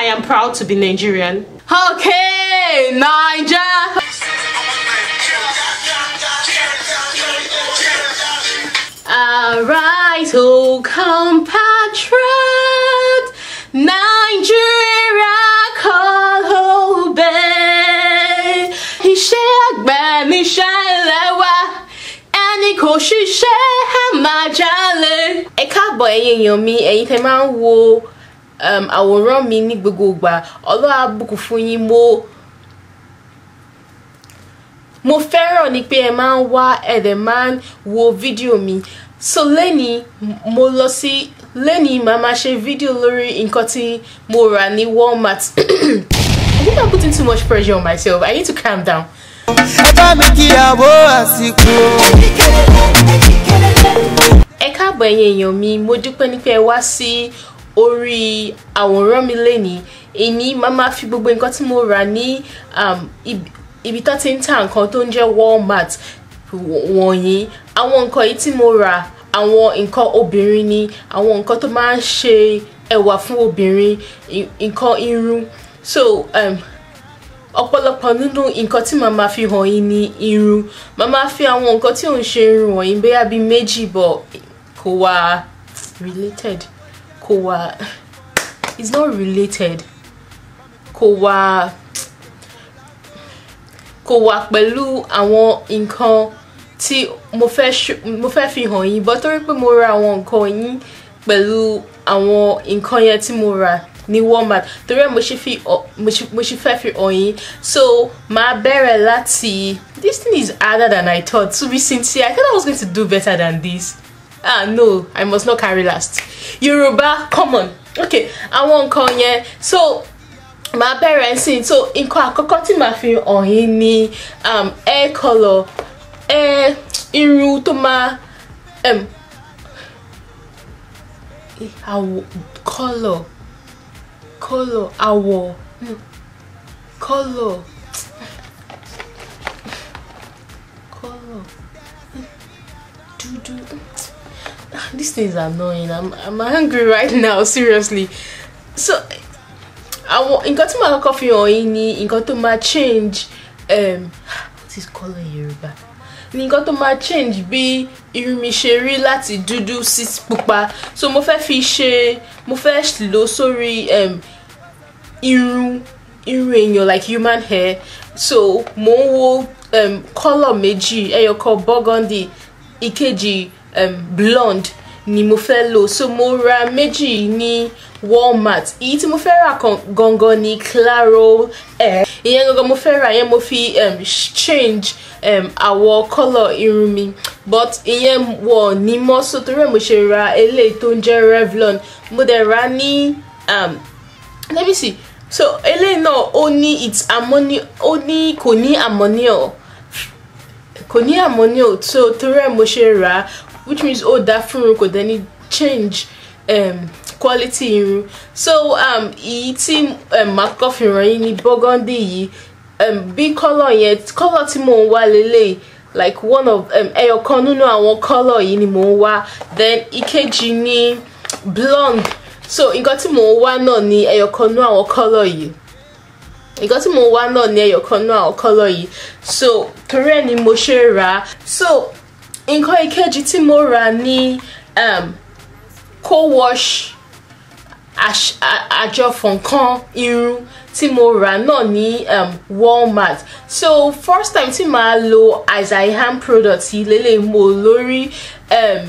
I am proud to be Nigerian. Okay, Niger! Alright, O compatriot, Nigeria call He Iṣẹ́ àgbẹ̀ níṣẹ́ ilẹ̀ and he kò she ẹ̀ my jalè. A káàbọ̀ ẹ̀yin èèyàn mi, ẹ̀yin tẹ́ máa ń wo Um, àwòrán mi ní gbogbo ìgbà ọlọ́run á bùkún fún yín mo mo fẹ́ràn ni pé ẹ máa ń wá ẹ máa ń wo fídíò mi so lẹ́ni mo lọ sí lẹ́ni màá máa ṣe fídíò lórí nǹkan tí mo rà ní Walmart I think I'm putting too much pressure on myself I need to calm down. ẹ bá mi kí àwọ̀ àsìkò. ẹ káàbọ̀ ẹ̀yin èèyàn mi mo dúpẹ́ ní pé ẹ wá sí. Si orí àwòrán mi lẹ́ni èní máa ma fi gbogbo nǹkan tí mo rà ní um, ibi tó ti ń ta nǹkan tó ń jẹ́ Walmart wọ̀nyí àwọn nǹkan yìí tí mo rà àwọn nǹkan obìnrin ni àwọn nǹkan tó máa ń ṣe ẹwà fún obìnrin nǹkan irun so um, ọ̀pọ̀lọpọ̀ nínú nǹkan tí màmá fi hàn yín ni irun màmá fi àwọn nǹkan tí ò ń ṣe irun wọ̀nyí bóyá bíi méjì bọ̀ kò wá related kò it's not related kò wá kò wá pẹ̀lú àwọn nǹkan tí mo fẹ́ mo fẹ́ fi hàn yín bọ́ torí pé mo ra àwọn nǹkan yín pẹ̀lú àwọn nǹkan yẹn tí mo rà ní walmart torí ẹ mo ṣe fẹ́ fi hàn yín so màá bẹ̀rẹ̀ láti this thing is harder than I thought to be sincere I thought I was going to do better than this ah no i must not carry last Yoruba, come on. okay I won't call yẹn so my parents in. so nǹkan àkọ́kọ́ tí màá fi hàn um, air color. hair irun to máa um, Color. Color. Our. Color. Color. Do do. Ah, these things are annoying i'm i'm angry right now seriously so àwọn nǹkan tí coffee kọ́kọ́ fi hàn yín ni nǹkan change um, is color yorùbá In nǹkan tó máa change be irun mi ṣe rí láti dúdú pupa so mo fẹ́ fi ṣe mo fẹ́ lò sórí um, irun irun èèyàn like human hair so mo wo um, color Eyo ẹyọkan burgundy ìkejì um, blonde ni mo fẹ́ lò so mo ra méjì ní walmart èyí tí mo fẹ́ rà gangan ni claro air ìyẹn gangan mo fẹ́ rà yẹn mo fi um, change um, àwọ̀ colour irun mi but ìyẹn wọ̀ ní mọ́ so torí ẹ̀ mo ṣe ra eléyìí tó ń jẹ́ revlon mo dẹ̀ ra ní um, let me see so eléyìí náà ó ní it's ammonia ó ní kò ní ammonia kò ní àmọ́ ní torí ẹ̀ mo ṣe rà which means ó oh, that fún could then change um, quality irun so um, èyí tí um, máa kọ́ fi burgundy yìí um, bí colour yẹn colour tí mò ń wá lélẹ́yìí like one of um, ẹyọ um, kan nínú àwọn colour yìí ni mò ń wá then ìkejì ni blonde so nǹkan tí mò ń wá náà ni ẹyọ kan nínú àwọn colour yìí nǹkan tí mò ń wá náà ni ẹyọ kan náà ọkọlọ yìí so torí ẹ ni mo ṣe rà so nǹkan ìkejì tí mo rà ní um, co-wash àjọfọ̀nkan irun tí mo rà náà ní um, Walmart so first time tí màá lo Izayam product yìí lélẹ̀ mo lórí um,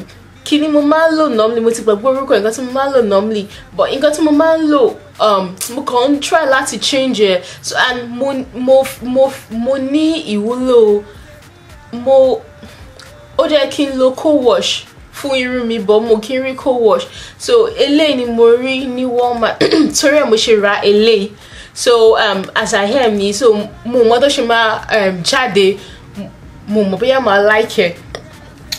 kí ni mo máa ń lò normally mo ti gbàgbọ́ orúkọ nǹkan tí mo máa ń lò normally but nǹkan tí mo máa ń lò um, mo kàn ń try láti change ẹ̀ so and mo mo mo mo ní ìwúlò mo ó jẹ́ kí n lo co-wash fún irun mi bọ́ mo kí n rí co-wash so eléyìí ni mo rí ní Walmart torí ẹ̀ mo ṣe ra eléyìí so um, as i hear mi so mo mọ tó ṣe máa um, jáde mo mọ bóyá máa like ẹ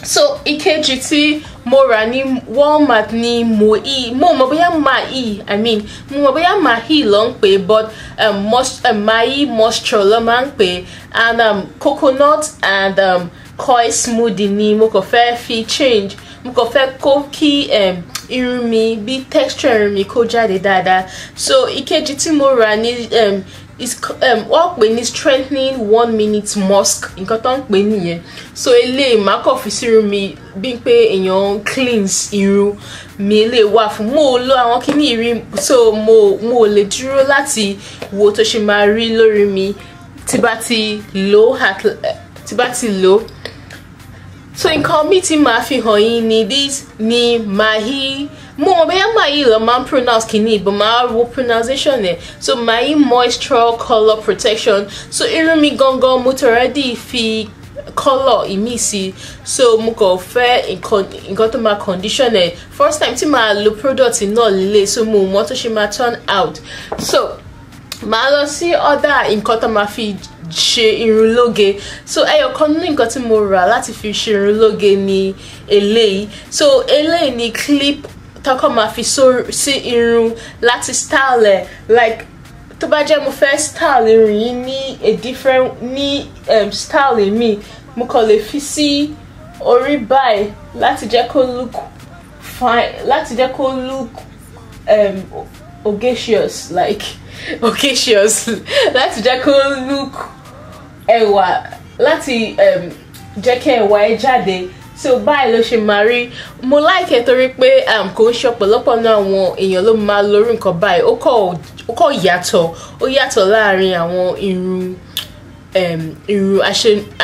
so ìkejì tí mo rà ní Walmart ni mo e mo mọ bóyá máa e i mean mo mọ bóyá máa e ló ń pè but um, must, um, máa e moisture ló máa ń pè and um, coconut and um, koi smoothie ni mo kàn fẹ́ fi change mo kàn fẹ́ kó kí um, irun mi bí texture irun mi kó jáde dáadáa so ìkejì tí mo rà ní um, is um, wọ́n pè ní strengthening one minute musk nǹkan tó ń pè nìyẹn so eléyìí má kàn fi sí irun mi bí pé èèyàn cleans irun mi lè wà fún mo lo àwọn kíní ìrí so mo mo lè dúró láti wo tó ṣe máa rí lórí mi tí bá ti lò eh, tí bá ti lò so nǹkan mi ti máa fi hàn yín ni this ni mahi mo ò bẹ́ẹ̀ mahi lọ máa ń pronounce kìíní but máa wo pronunciation ẹ̀ so mahi moisture colour protection so irun mi gangan mo ti already fi colour ìmí sí so mo kàn fẹ́ nǹkan tó máa condition ẹ̀ first time tí màá lo product náà lélẹ̀ so mo mọ̀ tó ṣe máa turn out so màá lọ sí ọ̀dà nǹkan tó máa fi ṣe irun lóge so ẹyọ kan nínú nǹkan tí mo rà láti fi ṣe irun lóge ni eléyìí so eléyìí ni clip tọkọ máa fi sí irun láti style ẹ like tó bá jẹ́ mo fẹ́ style irun yìí ní a different ní um, style mi mo kàn lè fi sí orí báyìí láti jẹ́ kó look fine láti jẹ́ kó look um, audacious like. occasions láti jẹ́ kó look ẹwà láti um, jẹ́ kí ẹwà ẹ jáde so báyìí ló ṣe máa rí mo láìkẹ́ torí pé um, kò ń ṣe ọ̀pọ̀lọpọ̀ náà àwọn èèyàn ló máa lórí nǹkan báyìí ó kọ̀ yàtọ̀ ó yàtọ̀ láàrin àwọn irun um, irun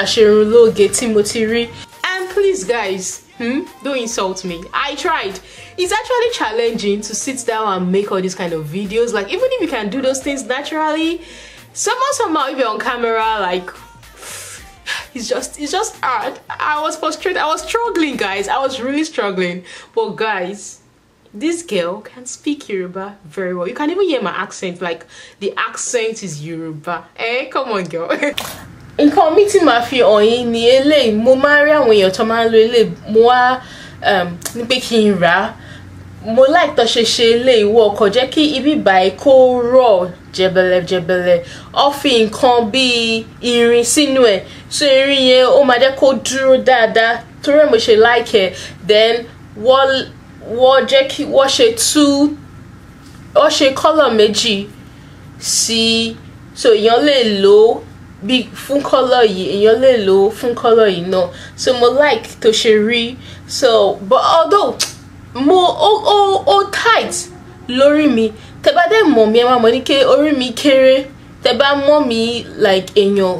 aṣerunlóge tí mo ti rí and please guys Hmm? Don't insult me. I tried. It's actually challenging to sit down and make all these kind of videos. Like, even if you can do those things naturally, somehow, somehow, if you're on camera, like, it's just, it's just hard. I was frustrated. I was struggling, guys. I was really struggling. But guys, this girl can speak Yoruba very well. You can even hear my accent. Like, the accent is Yoruba. Eh, hey, come on, girl. nǹkan mi tí màá fi hàn yín ni eléyìí mo máa ń rí àwọn èèyàn tó máa ń lo eléyìí mo wá um, ní pé kí n rà á mo like tó ṣe ṣe eléyìí wọ ọkọ̀ jẹ́ kí ibi báyìí kó rọ̀ jẹ̀bẹ̀lẹ̀jẹ̀bẹ̀lẹ̀ ọ fi nǹkan bíi irin sínú ẹ̀ so irin yẹn ó máa jẹ́ kó dúró dáadáa torí mo ṣe like ẹ̀ then wọ́n jẹ́ kí wọ́n ṣe tú wọ́n ṣe kọ́lọ̀ méjì sí so èèyàn lè lò ó bí fun kọ́lọ̀ yìí èèyàn lè lò ó fún kọ́lọ̀ yìí so mo like to ṣe rí so but although mo ó ó ó tight lórí mi tẹ bá dẹ̀ mọ̀ mi ẹ máa mọ̀ ní ké orí mi kéré tẹ bá mọ̀ mi like èèyàn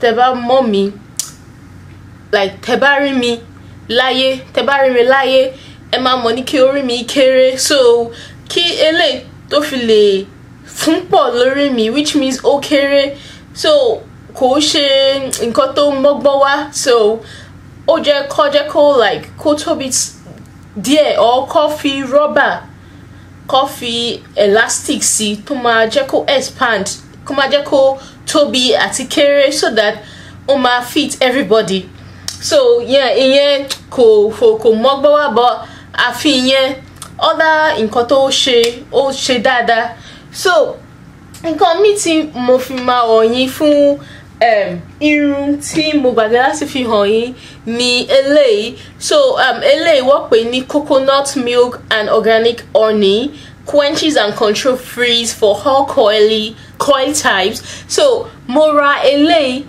tẹ bá mọ̀ mi like tẹ bá rí mi láyé tẹ bá rí mi láyé ẹ máa mọ̀ ní ké orí mi kéré so ki ele to fi lè fún pọ̀ lórí mi which means ó kéré. Okay, so kò ṣe nǹkan tó mọ́gbọ́n wá so ó jẹ́ kọ́ jẹ́ kó like kó tóbi díẹ̀ or kọ́ fi rọ́bà kọ́ fi elastic sí tó máa jẹ́ kó expand kó máa jẹ́ kó tóbi àti kéré so that ó máa fit everybody so yeah ìyẹn kò fò kò mọ́gbọ́n wá bọ́ àfi ìyẹn other nǹkan tó ṣe ó ṣe dáadáa so nǹkan míì tí mo fi máa hàn yín fún um, irun tí mo gbàgbé láti fi hàn yín ni eléyìí so um, eléyìí wọ́n pè ní coconut milk and organic honey quenches and control freeze for all coily coil types so mo ra eléyìí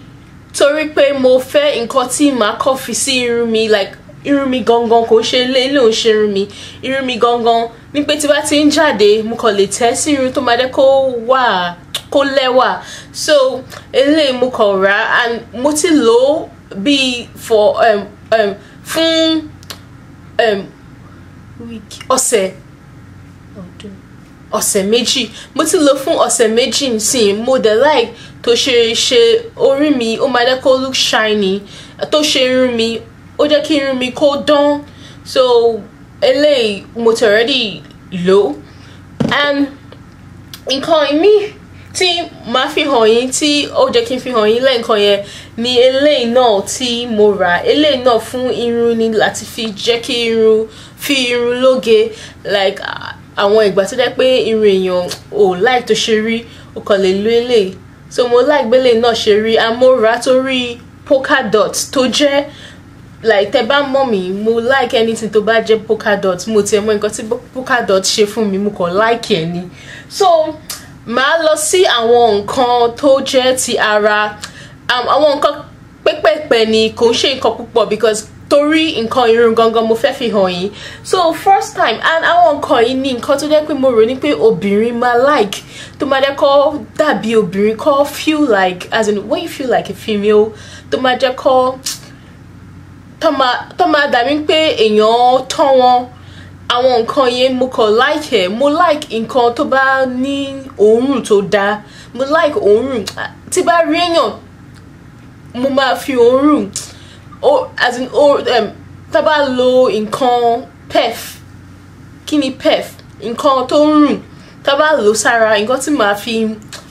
torí pé mo fẹ́ nǹkan tí màá kọ́ fi sí irun mi like irun mi gangan kò ṣe ilé ilé ò ṣe irun mi irun mi gangan ní pé tí bá ti ń jáde mo kàn lè tẹ́ sí irun tó máa dẹ́ kó wà kó lẹ́wà so eléyìí mo kàn rà and mo ti lò ó bíi for um, um, fún um, ọ̀sẹ̀ ọdún ọ̀sẹ̀ méjì mo ti lò fún ọ̀sẹ̀ méjì nsìn mo dẹ̀ like tó ṣe ṣe orí mi ó máa dẹ́ kó look shiny tó ṣe irun mi ó jẹ́ kí irun mi kó dán so eléyìí mo ti already lò and nǹkan mi tí màá fi hàn yín tí ó jẹ́ kí n fi hàn yín lẹ́ǹkan yẹn ni eléyìí náà tí mo rà eléyìí náà fún irun ni láti fi jẹ́ kí irun fi irun lóge like àwọn ìgbà tó jẹ́ pé irun èèyàn ò láì tó ṣe rí o kàn lè lo eléyìí so mo láì gbélé náà ṣe rí amóra torí polka dot tó jẹ́ like tẹ bá mọ̀ mí mo like anything tó bá jẹ́ polka dot mo tiẹ̀ mọ̀ nǹkan tí polka dot ṣe fún mi mo kàn like ẹ̀ ni so màá lọ sí àwọn nǹkan tó jẹ́ ti ara àwọn nǹkan pẹ́pẹ́pẹ́ ni kò ń ṣe nǹkan púpọ̀ because torí nǹkan irun gangan mo fẹ́ fi hàn yín so first time and àwọn nǹkan yìí ni nǹkan tó jẹ́ pé mo rò ní pé obìnrin máa like tó máa jẹ́ kó dàbí obìnrin kó feel like as in when you feel like a female tó máa jẹ́ kó. Ko tó máa dàbí pé èèyàn tán wọn àwọn nǹkan yẹn mo kàn like ẹ mo like nǹkan tó bá ní òórùn tó dáa mo like òórùn tí bá rí èèyàn mo máa fi òórùn as in um, tá bá lo nǹkan pef kí ni pef nǹkan tó rùn tá bá lò sára nǹkan tí màá fi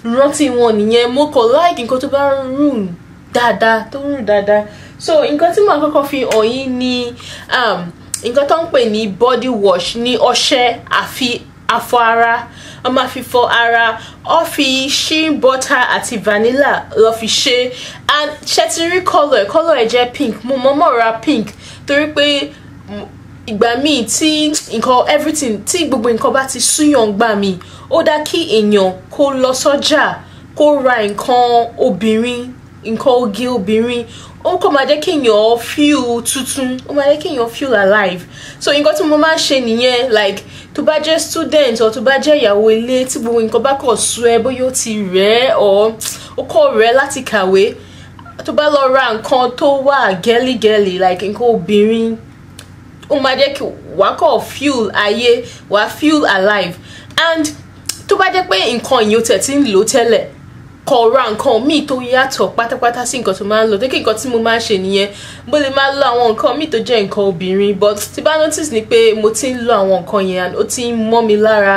rántí wọn nìyẹn mo kàn like nǹkan tó bá rùn dáadáa tó rùn dáadáa so nǹkan tí màá kọ́kọ́ fi hàn yín ni um, nǹkan tó ń pè ní body wash ní ọṣẹ àfi afọ ara wọ́n máa fi fọ ara ó fi shea butter àti vanilla lọ fi ṣe and ṣẹtiri colour ẹ̀ colour ẹ̀ jẹ́ pink mo mọ́ mọ́ ra pink torí pé mm, ìgbà míì tí nǹkan everything tí gbogbo nǹkan bá ti súyàn gbà mí ó dá kí èèyàn kó lọ sọ́jà kó ra nǹkan obìnrin nǹkan oge obìnrin ó kọ́ máa jẹ́ kéèyàn feel tuntun ó máa jẹ́ kéèyàn feel alive so nǹkan tí mo máa ń ṣe nìyẹn like tó bá jẹ́ student or tó bá jẹ́ ìyàwó ilé tí gbogbo nǹkan bá kọ̀ sú ẹ bóyá ó ti rẹ̀ ẹ́ or ó kọ̀ rẹ̀ ẹ́ láti kàwé tó bá lọ ra nǹkan tó wà gẹ́lígẹ́lì like nǹkan obìnrin ó máa jẹ́ kí wàá kọ̀ feel ayé wàá feel alive and tó bá jẹ́ pé nǹkan ìyóò tẹ̀ tí ń lò tẹ́lẹ̀ kọ ra nǹkan míì tó yàtọ̀ pátápátá sí nǹkan tó máa ń lò dékè nǹkan tí mo máa ń ṣe nìyẹn mo lè máa lo àwọn nǹkan míì tó jẹ́ nǹkan obìnrin but tí bá notice ni pé mo ti ń lo àwọn nǹkan yẹn ó ti ń mọ́ mi lára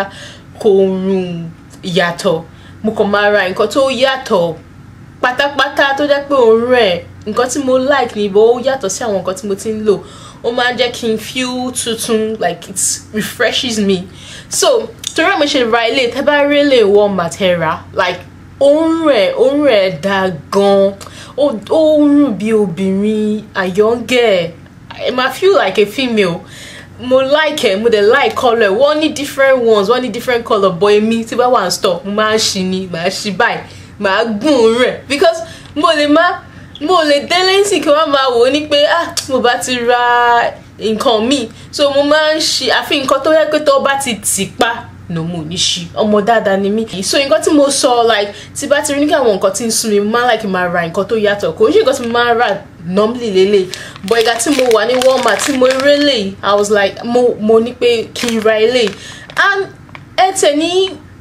kò rùn yàtọ̀ mo kàn máa ra nǹkan tó yàtọ̀ pátápátá tó jẹ́ pé òun rẹ̀ nǹkan tí mo like ni ìbò ó yàtọ̀ sí àwọn nǹkan tí mo ti ń lò ó máa ń jẹ́ kí n feel tuntun like it refreshes me so torí àwọn ìṣe ra ilé tẹ́ bá rí ilé wọ́n màtẹ́ra like òórùn ẹ̀ òórùn ẹ̀ dáa gan-an ó òórùn bí obìnrin àyọ́ngẹ̀ ẹ̀ máa feel like a female mo like ẹ̀ mo dẹ̀ like colour wọ́n ní different ones wọ́n ní different colour but èmi tí bá wà ń stọ̀ mo máa ń ṣí ni màá ṣí báyìí màá gùn òórùn ẹ̀ because mo lè má mo lè délé ń sìn kí wọ́n máa wò ó ní pé ah mo bá ti ra nǹkan míì so mo máa ń ṣe àfi nǹkan tó yẹ pé tó bá ti tì pa no mo ní ṣí ọmọ dáadáa ni mí. so nǹkan tí mo sọ like tí bá ti rí ní kí àwọn nǹkan tí ń sún mi máa like máa ra nǹkan tó yàtọ̀ kò ń ṣe nǹkan tí mo máa ń normally lele but ìgbà tí mo wà ní Walmart tí mo rí lè i was like mo mo ní pé kí n ra ilé and ẹ tẹ̀ ní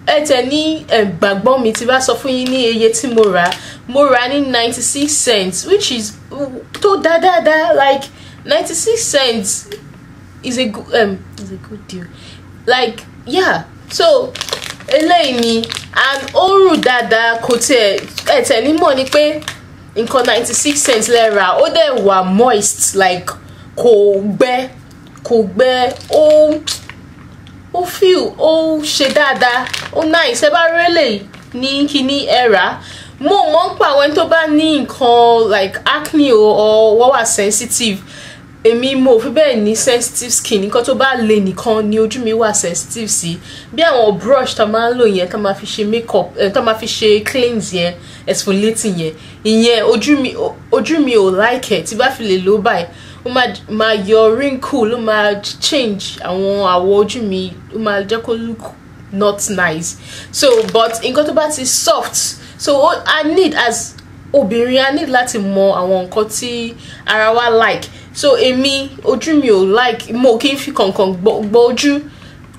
ẹ tẹ̀ ní gbàgbọ́ mi tí bá sọ fún yín ní iye tí mo rà mo rà ní ninety six cents which is tó dáadáa like ninety six cents is a good um, is a good deal like yeah so eléyìí ni and ó rù dáadáa kò tiẹ̀ ẹ̀ tẹ̀ nímọ̀ ni pé nǹkan ninety six cents lẹ́ra ó dẹ̀ wà moist like kò gbẹ kò gbẹ ó ó feel ó ṣe dáadáa ó nice ẹ bá rẹ́lẹ̀ ní kíní ẹ̀rá mo mọ̀ ń pa àwọn ẹni tó bá ní nǹkan like acne or wọ́n wà sensitive èmi mo fi bẹ́ẹ̀ ní sensitive skin nǹkan tó bá le nìkan ni ojú mi wà sensitive sí bí àwọn brush tó máa ń lò yẹn tó máa fi ṣe makeup eh, tó máa fi ṣe cleanse yẹn exfoliating yẹn ìyẹn ojú mi ojú mi ò like ẹ̀ tí bá fi lè lò báyìí ó máa yọ wrinkle ó máa change àwọn àwọ̀ ojú mi ó máa jẹ́ kó look not nice so but nǹkan tó bá ti soft so I need as obìnrin I need láti mọ àwọn nǹkan tí ara wa like so èmi ojú mi ò like mo kì í fi kọ̀ọ̀kan gbọ́ ojú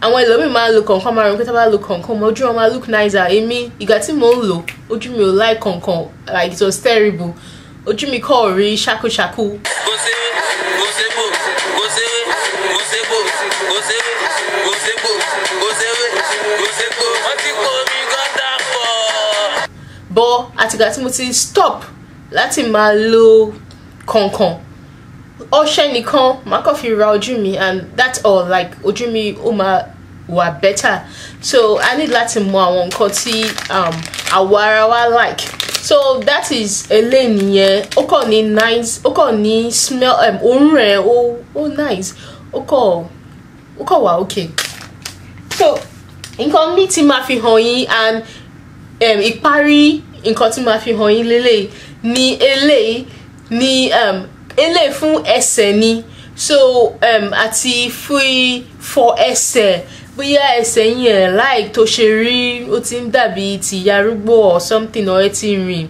àwọn ẹlòmíì máa ń lo kọ̀ọ̀kan máa rò pé tá bá lo kọ̀ọ̀kan mo ojú wọn máa look nicer èmi ìgbà tí mo ń lò ojú mi ò like kọ̀ọ̀kan like it was terrible ojú mi kọ́ ò rí ṣákúṣákú. bó ṣe bó ṣe bò bó ṣe bò bó ṣe bò bó ṣe bò wọ́n ti kó omi gọ́dá pọ̀. bọ́ àtìgbà tí mo ti stop láti máa lo kọ̀ọ̀kan ọṣẹ nìkan màá kàn fi ra ojú mi and that's all like ojú mi ó máa wà better so i need láti mọ àwọn nǹkan tí um, àwọ̀ ara wa like so that is ele nìyẹn ó kàn ní nice ó kàn ní smell um, òórùn rẹ̀ ó ó nice ó kàn ó kàn wà okay so nǹkan mi tí máa fi hàn yín and um, ìparí nǹkan tí máa fi hàn yín lélẹ̀ ní eléyìí ní um, eléyìí fún ẹsẹ̀ ni so um, àti fún fọ ẹsẹ̀ bóyá ẹsẹ̀ yín ẹ̀ láì tó ṣe rí ó ti ń dàbí ti yarúgbó or something or ẹ ti rìn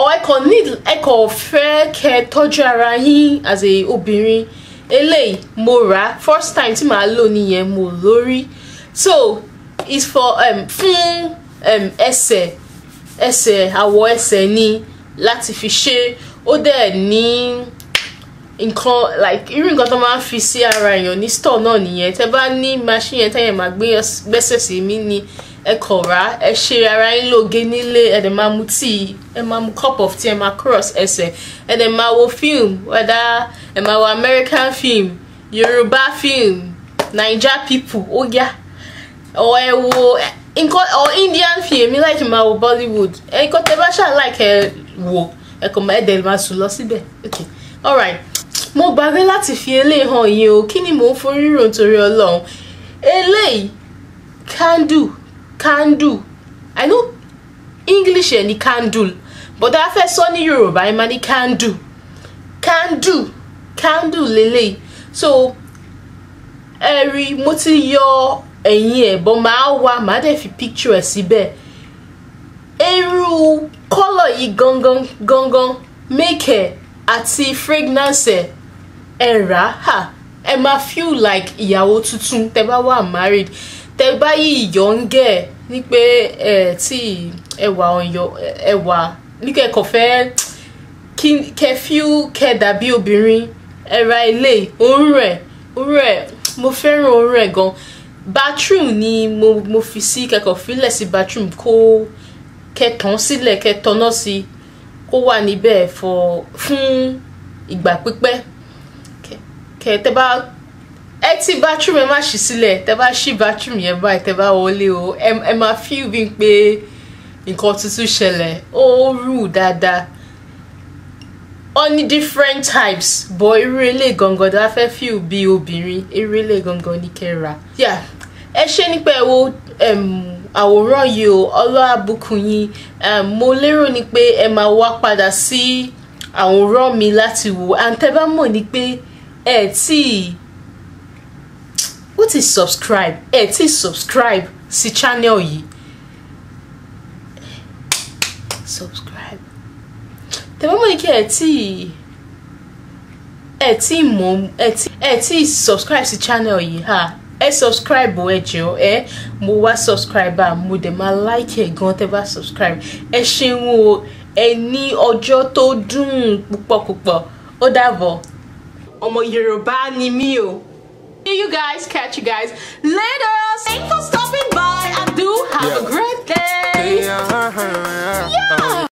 or ẹ kàn need ẹ kàn fẹ́ kẹ́ tọ́jú ara yín as a obìnrin eléyìí mo rà á first time tí màá lò nìyẹn mo lórí so it's for um, fún um, ẹsẹ̀ ẹsẹ̀ àwọ̀ ẹsẹ̀ ni láti fi ṣe ó dẹ̀ ní nǹkan like irú nǹkan tó máa ń fi sí ara èèyàn ní store náà nìyẹn tẹ bá ní machine yẹn tẹyẹ máa gbé gbẹ́sẹ̀ sí mi ní ẹ kọ̀ rà ẹ ṣe ara yín lóge nílé ẹ dẹ̀ máa mu tíì ẹ máa mu cup of tea ẹ máa cross ẹsẹ̀ ẹ dẹ̀ máa wo film wẹ́dá ẹ máa wo American film Yorùbá film Naija people ó yá ọ̀ ẹ wo nǹkan ọ̀ Indian film mi láìkí máa wo Bollywood ẹ nǹkan tẹ bá ṣáà láìkẹ́ wò ẹ kò máa ẹ dẹ̀ máa sùn lọ síbẹ̀ okay alright mo gbàgbé láti fi eléyìí hàn yín o kí ni mò ń forí rò nítorí ọlọ́run eléyìí candle candle i know english ẹ̀ ní candle but a fẹ́ sọ ní yorùbá ẹ̀ máa ní candle candle candle lélẹ́yìí so ẹ rí mo ti yọ ẹ̀yìn ẹ̀ bọ́ máa wá máa dẹ̀ fi picture ẹ̀ síbẹ̀ irú kọ́lọ̀ yìí gangan gangan make ẹ̀ àti fragrance ẹ̀ ẹ rà á ẹ máa feel like ìyàwó tuntun tẹ bá wà married tẹ bá yí ìyọ̀ ń gẹ̀ ní pé ẹ tí ẹ wà ọ̀yọ̀ ẹ wà ní kẹ́kọ̀ọ́ fẹ́ kẹ́ feel kẹ́ dàbí obìnrin ẹ ra ilé òun rẹ̀ òun rẹ̀ mo fẹ́ràn òun rẹ̀ gan bathroom ni mo mo fi sí kẹ́kọ̀ọ́ fílẹ̀ sí bathroom kó kẹtàn sílẹ̀ kẹtàn náà sí kó wà níbẹ̀ fún ìgbà pípẹ́ kẹ tẹ bá ẹ tí bathroom ẹ má ṣí sílẹ̀ tẹ bá ṣí bathroom yẹn báyìí tẹ bá wọlé o ẹ máa feel bí pé nǹkan tuntun ṣẹlẹ̀ ó rù dáadáa Only different types but irú ilé gangan tó bá fẹ́ feel bí obìnrin irú ilé gangan ní kẹra. ẹ ṣe nípa ẹ wo àwòrán yìí o ọlọ́wà bùkún yín mo lérò ni pé ẹ máa wá padà sí àwòrán mi láti wò à mọ̀ ni pé ẹ tí ó ti subscribe ẹ tí subscribe sí channel yìí subscribe tẹ̀wọ́mọ̀ yìí kí ẹ tí ẹ tí mọ̀ ẹ tí ẹ tí subscribe sí channel yìí ha ẹ subscribe ẹ jọ̀ọ́ ẹ mo wá subscriber mo dẹ̀ máa like ẹ gan tẹ́ bá subscribe ẹ ṣeun o ẹ ní ọjọ́ tó dùn púpọ̀ púpọ̀ ó dàbọ̀. ọmọ Yorùbá ni mí o. Oh. See you guys, catch you guys later. Thanks for stopping by. I do have yeah. a great day. Yeah. yeah.